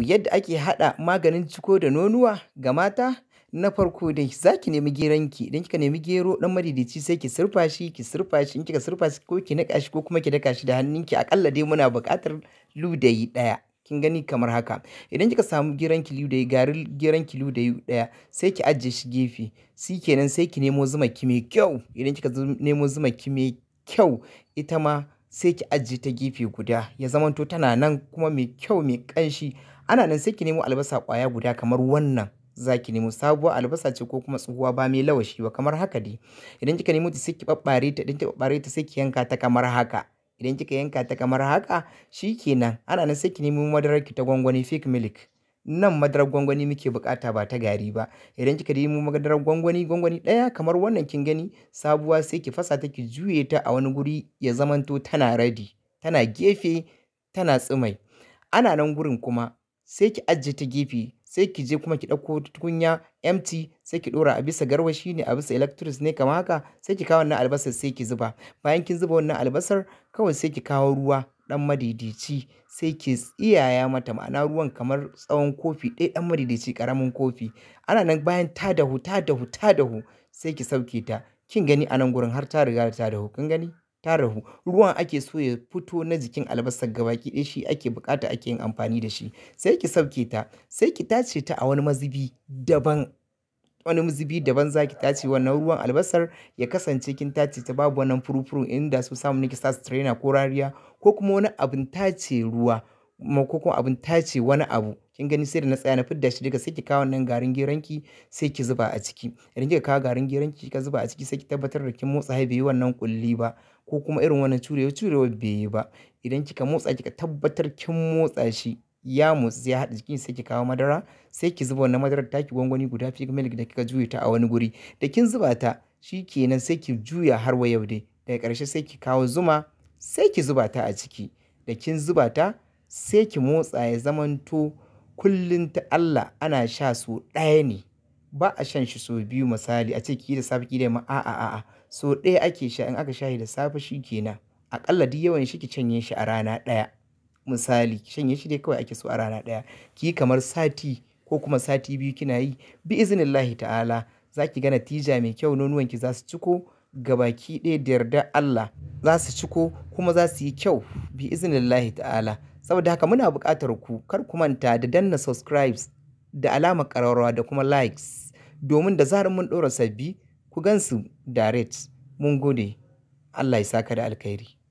Yadda ake haɗa maganin ciko da nonuwa ga mata, na farko dai za ki nemi geronki, idan kika nemi gero dan madidici sai ki surfa shi, ki sirfa shi, in kika surfa shi ko ki niƙa shi ko kuma ki daka shi da hannunki akalla dai muna bukatar ludayi daya Kin gani kamar haka, idan kika samu ki ludayi, garin ki ludayi ɗaya sai ki ajiye shi gefe, kenan sai ki nemo zuma ki mai kyau, idan kika nemo zuma ki mai kyau ita ma sai ki ajiye ta gefe guda ya zama to tana nan kuma mai kyau mai kanshi ana nan sai ki nemo albasa kwaya guda kamar wannan za ki nemo sabuwa albasa ce ko kuma tsohuwa ba mai lawashi ba kamar haka dai idan kika nemo ta sai ki babbare ta idan ki babbare ta sai ki yanka ta kamar haka idan kika yanka ta kamar haka shikenan ana nan sai ki nemo madarar ki ta gwangwani fake milk nan madarar gwangwani muke bukata ba ta gari ba idan kika yi mu madarar gwangwani gwangwani ɗaya kamar wannan kin gani sabuwa sai ki fasa ta ki juye ta a wani guri ya zamanto tana radi tana gefe tana tsimai ana nan gurin kuma sai ki ajiye ta gefe sai ki je kuma ki ɗauko tukunya empty sai ki ɗora a bisa garwashi ne a bisa electrics ne kamar haka sai ki kawo wannan albasar sai ki zuba bayan kin zuba wannan albasar kawai sai ki kawo ruwa ɗan madaidaci sai ke tsiyaya mata ma'ana ruwan kamar tsawon kofi ɗaya ɗan madaidaci ƙaramin kofi. Ana nan bayan ta dahu, ta dahu, ta dahu sai ki sauke ta. Kin gani a nan gurin har ta riga ta dahu. Kin gani? Ta dahu. Ruwan ake so ya fito na jikin albasar gabaki ɗaya shi ake buƙata ake yin amfani da shi. Sai ki sauke ta, sai ki tace ta a wani mazubi daban. wani mazubi daban zaki tace wannan ruwan albasar ya kasance kin tace ta babu wannan furufuru inda su samu nake sa strainer ko rariya ko kuma wani abin tace ruwa ko kuma abin tace wani abu kin gani sai da na tsaya na fidda shi daga sai ki kawo wannan garin geranki sai ki zuba a ciki idan kika kawo garin geranki ka zuba a ciki sai ki tabbatar da kin motsa haibe wannan kulli ba ko kuma irin wannan curewa curewa bai yi ba idan kika motsa kika tabbatar kin motsa shi ya motsi ya haɗa jikin sai ki kawo madara sai ki zuba wannan madarar taki gwangwani guda fi milk da kika juya ta a wani guri da kin zuba ta shi kenan sai ki juya har wa yau dai daga ƙarshe sai ki kawo zuma sai ki zuba ta a ciki da kin zuba ta sai ki motsa ya zamanto kullum ta Allah ana sha so ɗaya ne ba a shan shi so biyu misali a ce ki da safe ki da ma a'a a'a so ɗaya ake sha in aka sha da safe shi kenan aƙalla duk yawan shi ki canye shi a rana ɗaya misali shanye shi dai kawai ake so a rana ɗaya ki kamar sati ko kuma sati biyu kina yi bi lahi ta'ala za ki ga natija mai kyau ki za su ciko gabaki ɗaya da yarda Allah za su ciko kuma za su yi kyau bi lahi ta'ala saboda haka muna buƙatar ku kar ku manta da danna subscribes da alama ƙararrawa da kuma likes domin da zahar mun ɗora sabbi ku gansu direct mun gode Allah ya saka da alkhairi